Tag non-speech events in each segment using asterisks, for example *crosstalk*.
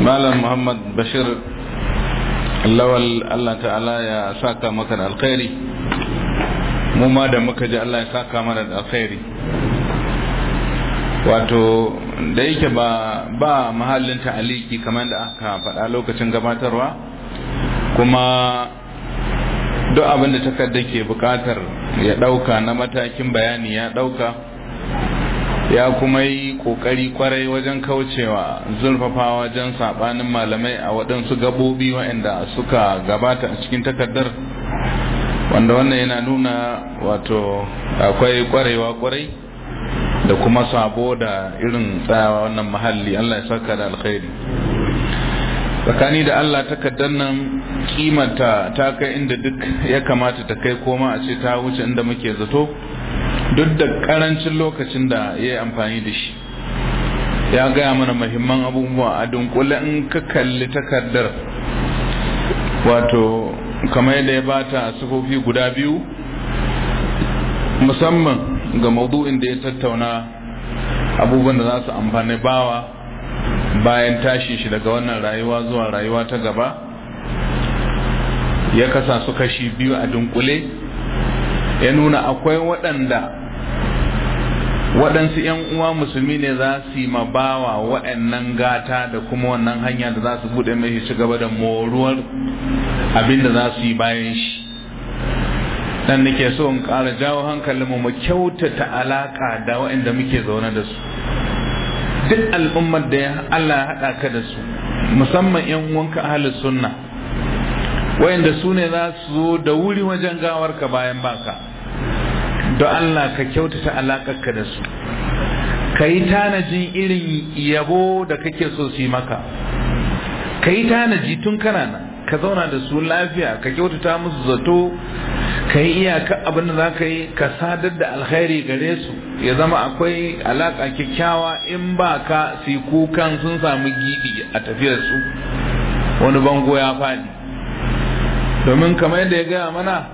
malam muhammad bashir lawal allah ta'ala ya saka maka da alkhairi mu ma da muka ji allah ya saka mana da alkhairi wato da yake ba ba mahallin ta'aliki kamar da aka faɗa lokacin gabatarwa kuma duk abin da takarda ke buƙatar ya ɗauka na matakin bayani ya ɗauka ya kuma yi kokari kwarai wajen kaucewa zurfafa wajen sabanin malamai a waɗansu gabobi waɗanda suka gabata a cikin takardar wanda wannan yana nuna wato akwai kwarewa kwarai da kuma sabo da irin tsayawa wannan mahalli Allah ya saka da alkhairi tsakani da Allah takardar nan kimanta ta kai inda duk ya kamata ta kai koma a ce ta wuce inda muke zato duk da karancin lokacin da ya yi amfani da shi ya gaya mana muhimman abubuwa a dunkule in ka kalli takardar wato kamar yadda ya bata sufofi guda biyu musamman ga maudu'in da ya tattauna abubuwan da za su amfani bawa bayan tashi shi daga wannan rayuwa zuwa rayuwa ta gaba ya kasa su kashi biyu a dunkule ya nuna akwai waɗanda waɗansu ‘yan uwa musulmi ne za su yi mabawa waɗannan gata da kuma wannan hanya da za su buɗe mai ci gaba da moruwar abin da za su yi bayan shi dan nake so in ƙara jawo hankalinmu mu kyautata alaƙa da waɗanda muke zaune da su duk al'ummar da Allah ya haɗa ka da su musamman ‘yan uwanka ahli sunna waɗanda su ne za su zo da wuri wajen gawarka bayan baka don Allah ka kyautata alaƙarka da su ka yi tanajin irin yabo da kake so su yi maka ka yi tanaji tun kana nan ka zauna da su lafiya ka kyautata musu zato ka yi iyaka abin da za ka yi ka sadar da alkhairi gare su ya zama akwai alaƙa kyakkyawa in ba ka su kukan sun samu gidi a tafiyar su wani bango ya faɗi domin kamar yadda ya gaya mana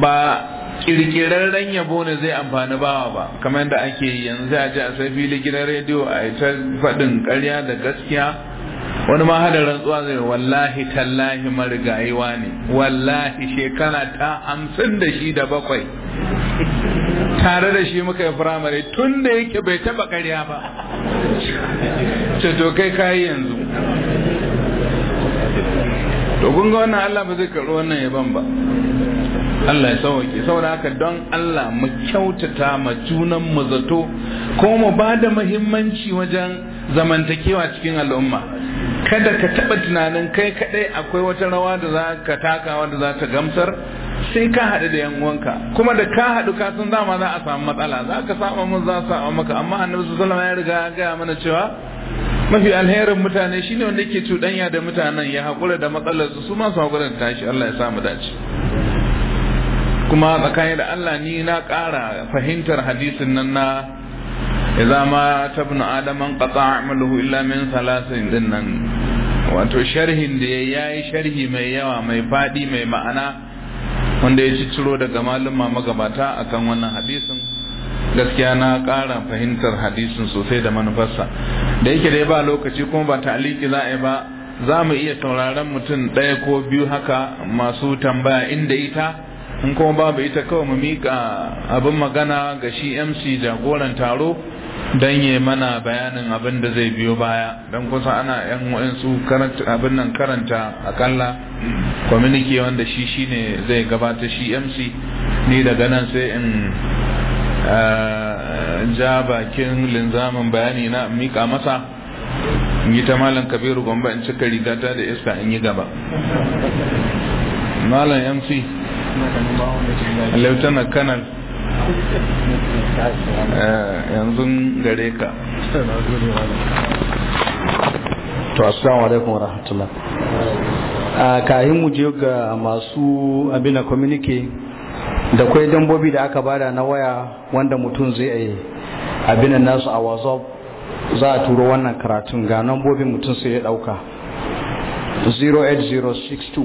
ba kirkirarren yabo ne zai amfani bawa ba kamar da ake yanzu a ji a sai fili gidan rediyo a yi faɗin karya da gaskiya wani ma rantsuwa zai wallahi tallahi marigayiwa ne wallahi shekara ta hamsin da shi da bakwai tare da shi muka yi firamare tun da yake bai taɓa karya ba kai kayi yanzu to kun ga wannan Allah ba zai karɓi wannan yaban ba Allah ya sauke saboda haka don Allah mu kyautata ma junan mu zato ko mu ba da muhimmanci wajen zamantakewa cikin al'umma kada ka taɓa tunanin kai kaɗai akwai wata rawa da za ka taka wanda za ta gamsar sai ka haɗu da uwanka kuma da ka haɗu ka san za a samu matsala za ka samu mun za a maka amma annabi sallallahu alaihi ya riga ya gaya mana cewa mafi alherin mutane shine wanda yake cuɗanya da mutanen ya haƙura da matsalar su su ma su haƙura da tashi Allah ya sa dace kuma tsakani da Allah ni na ƙara fahimtar hadisin nan na idza ma tabnu adaman qata amaluhu illa min salasin din wato sharhin da yayi sharhi mai yawa mai fadi mai ma'ana wanda ya ciciro daga malama magabata akan wannan hadisin gaskiya na ƙara fahimtar hadisin sosai da manufarsa da yake dai ba lokaci kuma ba ta'aliki za a yi ba za mu iya sauraron mutum ɗaya ko biyu haka masu tambaya inda ita in kuma babu ita kawai mu miƙa abin magana ga shi mc jagoran taro don yi mana bayanin abin da zai biyo baya don kusa ana yan wa'insu abin nan karanta akalla kwaminike wanda shi ne zai gabata shi mc ni daga nan sai eh, in ja bakin linzamin bayani na miƙa masa in yi ta malam kabiru gomba in cika rigata da iska in yi gaba malam mc lautana colonel *laughs* eh, yanzu gare ka to assalamu alaikum wa rahmatullah a ah, kahin mu je ga masu abin da communique da kwai dambobi da aka bada na waya wanda mutum zai yi abin nasu a whatsapp za a turo wannan karatun ga nambobi mutum sai ya dauka 08062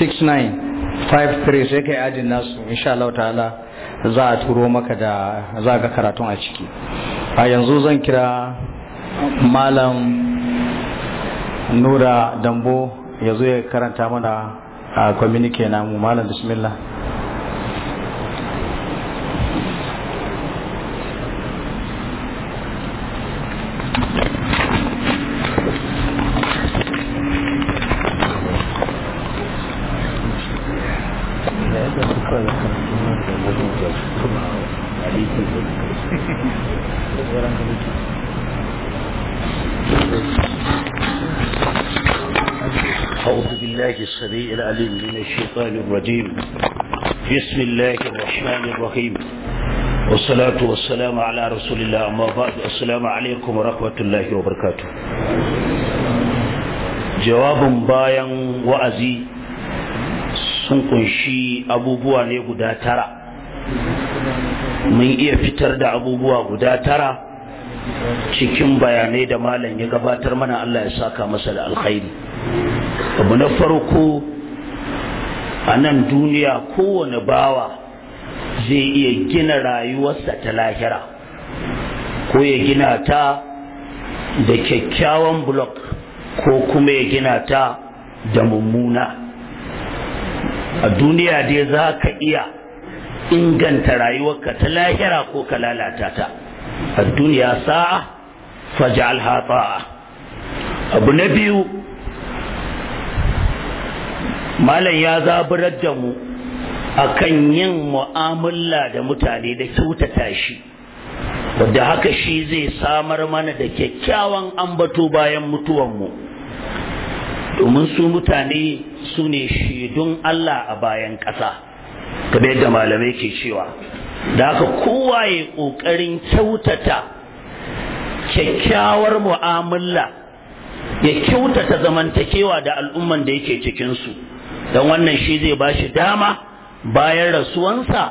6953 sai kai ajin nasu insha Allah ta'ala za a turo maka da za ga karatun a ciki a yanzu zan kira malam nura dambo ya zo ya karanta mana a ke namu malam bismillah أعوذ بالله السميع العليم من الشيطان الرجيم بسم الله الرحمن الرحيم والصلاة والسلام على رسول الله أما بعد السلام عليكم ورحمة الله وبركاته جواب بايا وأزي سنكن شي أبو بواني قدا ترى من إيه فتر دا أبو بوا قدا ترى cikin bayanai da malam ya gabatar mana Allah ya saka masa da alkhairi abu na farko a nan duniya kowane bawa zai iya gina rayuwarsa ta lahira ko ya gina ta da kyakkyawan blok ko kuma ya gina ta da mummuna a duniya dai za ka iya inganta rayuwarka ta lahira ko ka lalata ta a duniya sa'a faj'alha ta'a abu na biyu malam ya zaburar da mu a kan yin mu'amala da mutane da kyautata shi wadda haka shi zai samar mana da kyakkyawan ambato bayan mutuwanmu domin su mutane su ne shaidun Allah a bayan ƙasa kamar da malamai ke cewa da haka kowa ya ƙoƙarin kyautata kyakkyawar mu'amala ya kyautata zamantakewa da al'umman da yake cikinsu don wannan shi zai ba shi dama bayan rasuwansa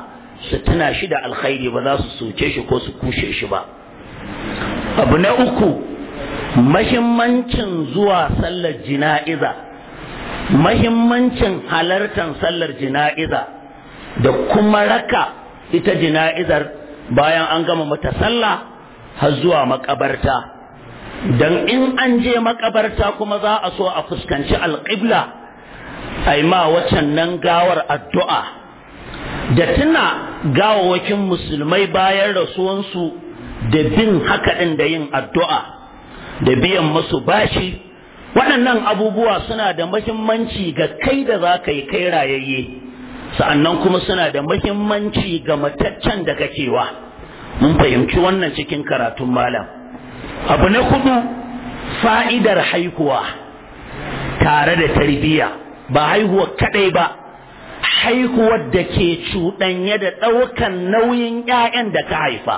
su tuna shi da alkhairi ba za su soke shi ko su kushe shi ba abu na uku mahimmancin zuwa sallar jina'iza mahimmancin halartar sallar jina'iza da kuma raka ita jina'izar bayan an gama mata sallah har zuwa makabarta don in an je makabarta kuma za a so a fuskanci alƙibla a ma waccan nan gawar addu'a da tuna gawawakin musulmai bayan rasuwansu da bin haka ɗin da yin addu'a da biyan masu bashi waɗannan abubuwa suna da mahimmanci ga kai da za ka yi kai rayayye sa'annan kuma suna da mahimmanci ga mataccen da kakewa mun fahimci wannan cikin karatun malam abu na kudu fa'idar haikuwa tare da tarbiyya ba haihuwa kadai ba haihuwar da ke cuɗanye da ɗaukan nauyin 'ya'yan da ka haifa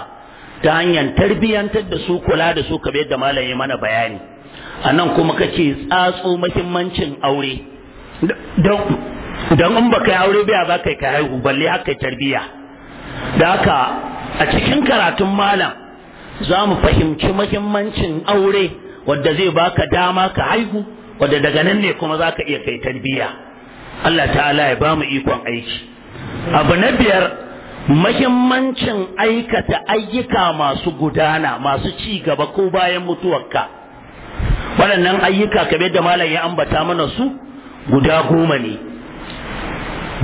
ta hanyar tarbiyyantar da su kula da su kamar yadda malam ya mana bayani a nan kuma kace tsatso mahimmancin aure don in baka kai aure biya ba kai ka haihu balle haka tarbiyya da haka a cikin karatun malam za mu fahimci mahimmancin aure wadda zai baka dama ka haihu wadda daga nan ne kuma za ka iya kai tarbiyya Allah ta'ala ya ba mu ikon aiki abu na biyar mahimmancin aikata ayyuka masu gudana masu ci gaba ko bayan mutuwarka waɗannan ayyuka kamar da malam ya ambata mana su guda goma ne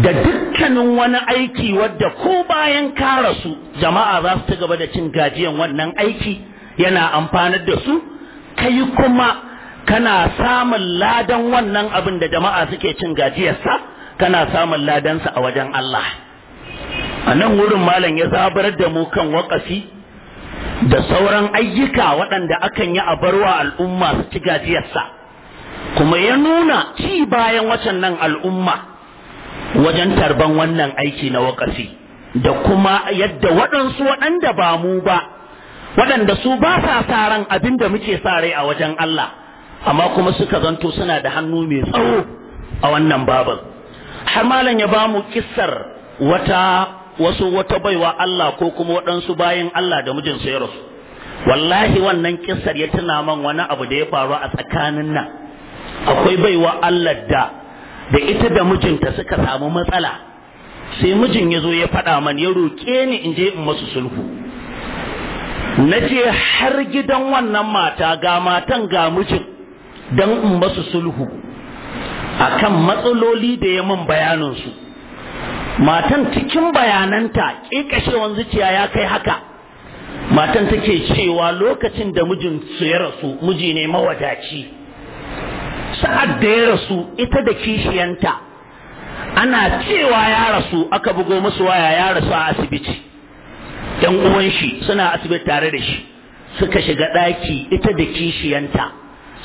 da dukkanin wani aiki wadda ko bayan ka rasu jama'a za su ci gaba da cin gajiyan wannan aiki yana amfanar da su kai kuma kana samun ladan wannan abin da jama'a suke cin gajiyarsa kana samun ladansa a wajen Allah a nan wurin malam ya zabar da mu kan waƙafi da sauran ayyuka waɗanda akan yi a barwa al'umma su ci gajiyarsa kuma ya nuna ci bayan wacan nan al'umma wajen tarban wannan aiki na waƙafi da kuma yadda waɗansu waɗanda ba mu ba waɗanda su ba sa sa abin da muke sa rai a wajen Allah amma kuma suka zanto suna da hannu mai tsawo a wannan babin har malam ya bamu kissar wata wasu wata baiwa Allah ko kuma waɗansu bayan Allah da mijinsa ya rasu wallahi wannan kissar ya tuna man wani abu da ya faru a tsakanin nan akwai baiwa Allah da da ita da mijinta suka samu matsala sai mijin ya zo ya faɗa man ya roƙe ni in je in masu sulhu na ce har gidan wannan mata ga matan ga mijin don in su sulhu akan matsaloli da ya min bayaninsu matan cikin bayananta ƙiƙashewan zuciya ya kai haka matan take cewa lokacin da mijin su ya rasu miji ne mawadaci sa'ad da ya rasu ita da kishiyanta ana cewa ya rasu aka bugo musu waya ya rasu a asibiti yan uwan shi suna asibiti tare da shi suka shiga ɗaki ita da kishiyanta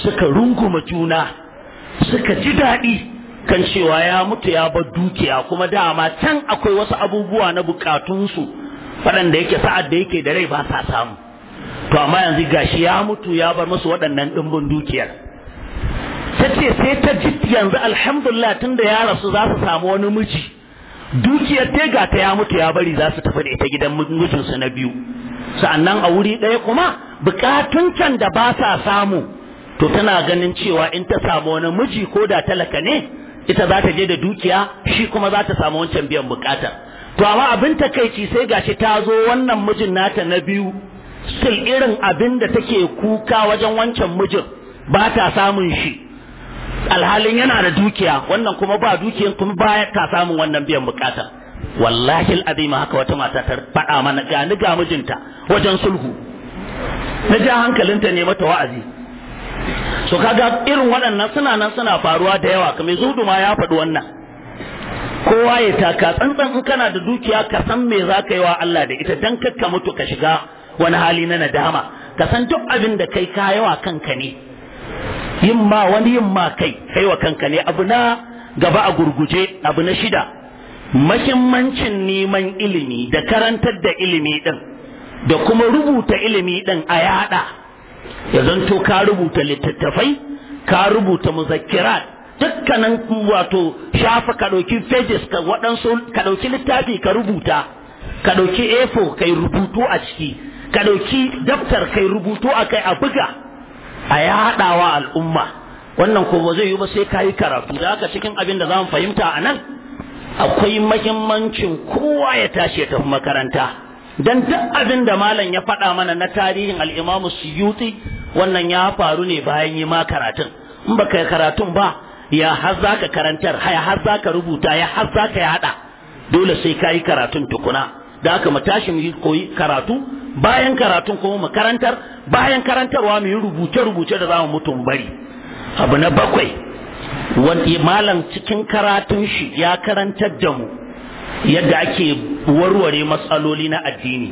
suka runguma juna suka ji daɗi kan cewa ya mutu ya bar dukiya kuma dama can akwai wasu abubuwa na bukatunsu waɗanda yake sa'ad da yake da rai ba sa samu to amma yanzu gashi ya mutu ya bar musu waɗannan ɗimbin dukiyar ta ce sai ta ji yanzu alhamdulillah tun da ya rasu za su samu wani miji dukiyar ta ga ta ya mutu ya bari za su tafi da ita gidan mijinsu na biyu sa'annan a wuri ɗaya kuma bukatun can da ba sa samu to tana ganin cewa in ta samu wani miji ko da talaka ne ita za ta je da dukiya shi kuma za ta samu wancan biyan bukata to amma abin takaici sai gashi ta zo wannan mijin nata na biyu sul irin abin da take kuka wajen wancan mijin ba ta samun shi alhalin yana da dukiya wannan kuma ba dukiyan kuma ba ta samun wannan biyan bukata wallahi alazim haka wata mata ta faɗa mana ga ni ga mijinta wajen sulhu na ja hankalinta ne mata wa'azi so kaga irin waɗannan suna nan suna faruwa da yawa kamar zudu ma ya faɗi wannan kowa ya taka tsantsan in kana da dukiya ka san me za ka yi wa Allah da ita dan ka mutu ka shiga wani hali na nadama ka san duk abin da kai ka yawa kanka ne yin ma wani yin ma kai kai wa kanka ne abu na gaba a gurguje abu na shida mahimmancin neman ilimi da karantar da ilimi din da kuma rubuta ilimi din a yada ya zanto ka rubuta littattafai ka rubuta muzakirat dukkanin wato shafa ka dauki pages ka waɗansu ka dauki littafi ka rubuta ka dauki a4 kai rubutu a ciki ka ɗauki daftar kai rubutu a kai a buga a yaɗawa al'umma wannan ko ba zai yi ba sai ka yi karatu da haka cikin abin da za mu fahimta anan. akwai mahimmancin kowa ya tashi ya tafi makaranta dan duk abin da malam ya faɗa mana na tarihin al'imamu imam Suyuti wannan ya faru ne bayan yi ma karatun in ba baka karatun ba ya har zaka karantar ya har zaka rubuta ya har zaka yada dole sai kai karatun tukuna da haka mu tashi mu koyi karatu bayan karatun kuma mu karantar bayan karantarwa mu yi rubuce rubuce da zamu mutum bari abu na bakwai wani malam cikin karatun shi ya karantar da mu yadda ake warware matsaloli na addini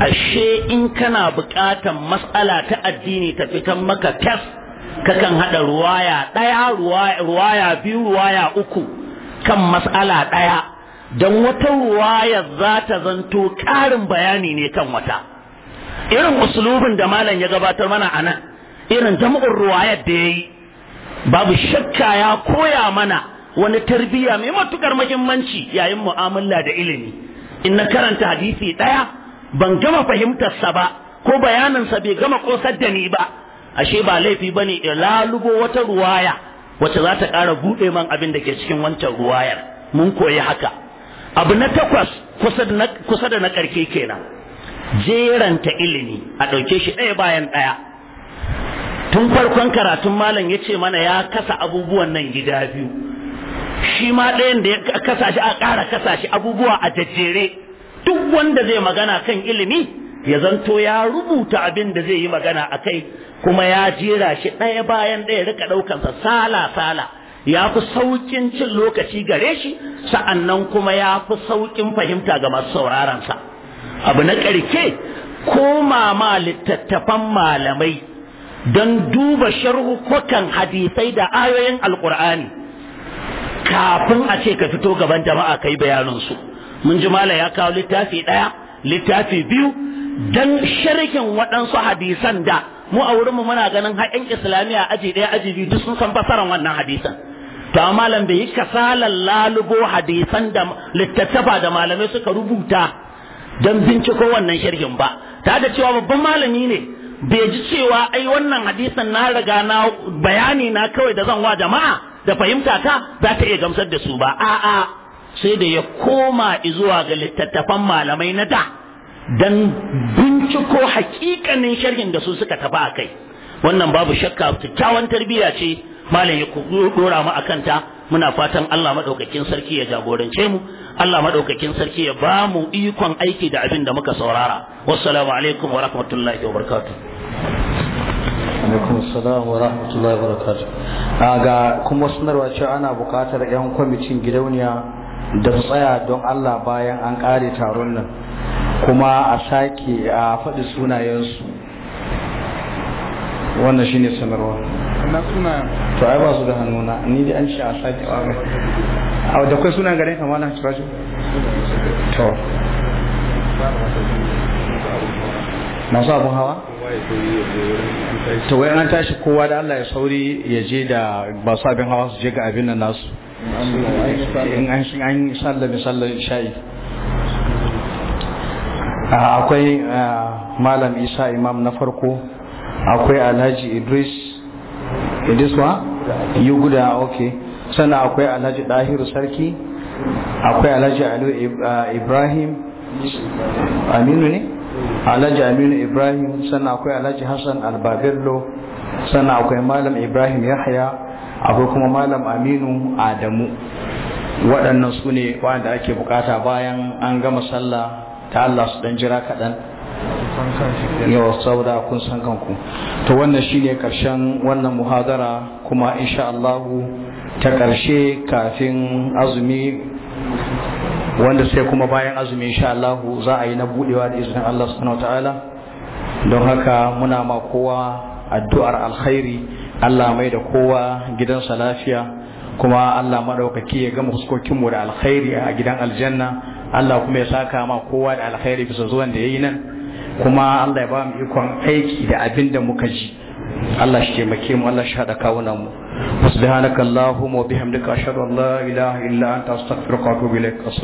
ashe in kana buƙatan matsala ta addini ta fitan maka kas kakan haɗa ruwaya ɗaya ruwaya biyu ruwaya uku kan matsala ɗaya don wata ruwaya za ta zanto ƙarin bayani ne kan wata irin uslubin da malam ya gabatar mana a nan irin jam'ur ruwayar da ya yi babu shakka ya koya mana wani tarbiyya mai matukar muhimmanci yayin mu'amala da ilimi in na karanta hadisi ɗaya, ban gama fahimtarsa ba ko bayaninsa bai gama kosar da ni ba ashe ba laifi bane in lalubo wata ruwaya wacce za ta ƙara buɗe man abin da ke cikin wancan ruwayar mun koyi haka abu na takwas kusa da na ƙarke kenan jeranta ilimi a ɗauke shi ɗaya bayan ɗaya tun farkon karatun malam ya ce mana ya kasa abubuwan nan gida biyu shi ma ɗayan da ya kasa shi a ƙara kasashe abubuwa a jajjere duk wanda zai magana kan ilimi ya zanto ya rubuta abin da zai yi magana a kai kuma ya jera shi ɗaya bayan ɗaya rika ɗaukansa sala sala ya fi sauƙin cin lokaci gare shi sa'annan kuma ya fi sauƙin fahimta ga masu sauraransa abu na ƙarke koma ma littattafan malamai don duba sharhu kwakan hadisai da ayoyin alƙur'ani kafin a ce ka fito gaban jama'a ka yi bayaninsu mun ji mala ya kawo littafi ɗaya littafi biyu don sharhin waɗansu hadisan da mu a wurinmu muna ganin haƙƙin islamiyya aji ɗaya aji biyu duk sun san fasaran wannan hadisan to malam bai yi kasalan lalubo hadisan da littattafa da malamai suka rubuta don binciko wannan sharhin ba ta da cewa babban malami ne bai ji cewa ai wannan hadisan na riga na bayani na kawai da zan wa jama'a da fahimta ta za ta iya gamsar da su ba a'a sai da ya koma zuwa ga littattafan malamai na da dan binciko hakikanin sharhin da su suka tafi a kai wannan babu shakka kyakkyawan tarbiyya ce malam ya dora mu akan ta muna fatan Allah madaukakin sarki ya jagorance mu Allah madaukakin sarki ya ba mu ikon aiki da abin da muka saurara wassalamu alaikum wa rahmatullahi wa barakatuh alaikum wa rahmatullahi wa barakatuh ga kuma sanarwa cewa ana buƙatar 'yan kwamitin gidauniya da su tsaya don Allah bayan an ƙare taron nan kuma a sake a faɗi sunayensu wannan shi ne sanarwa na suna to ai ba su da hannuna ni dai an ce a sake a da kai suna garin kamar na to masu abin hawa to wai an tashi kowa da Allah ya sauri ya je da ba su abin hawa su je ga abin nan nasu in an shi an sallar misallar sha'i akwai malam isa imam na farko akwai alhaji idris idris wa yi guda ok sannan akwai alhaji dahiru sarki akwai alhaji ibrahim aminu ne alhaji aminu ibrahim sannan akwai alhaji hassan albabello sannan akwai malam ibrahim yahya akwai kuma malam aminu adamu waɗannan su ne waɗanda ake bukata bayan an gama sallah ta allah su dan jira kaɗan yawa saboda kun san kanku to wannan shine karshen wannan muhadara kuma insha Allah ta ƙarshe kafin azumi wanda sai kuma bayan azumi insha Allah za a yi na budewa da izinin Allah subhanahu ta'ala don haka muna ma kowa addu'ar alkhairi Allah mai da kowa gidansa lafiya kuma Allah madaukaki ya gama fuskokin mu da alkhairi a gidan aljanna Allah kuma ya saka ma kowa da alkhairi bisa zuwan da yayi nan kuma Allah ya ba mu ikon aiki da abinda muka ji Allah shi taimake mu Allah shi hada kawuna mu subhanakallahumma wa bihamdika ashhadu an la ilaha illa anta astaghfiruka wa atubu ilaik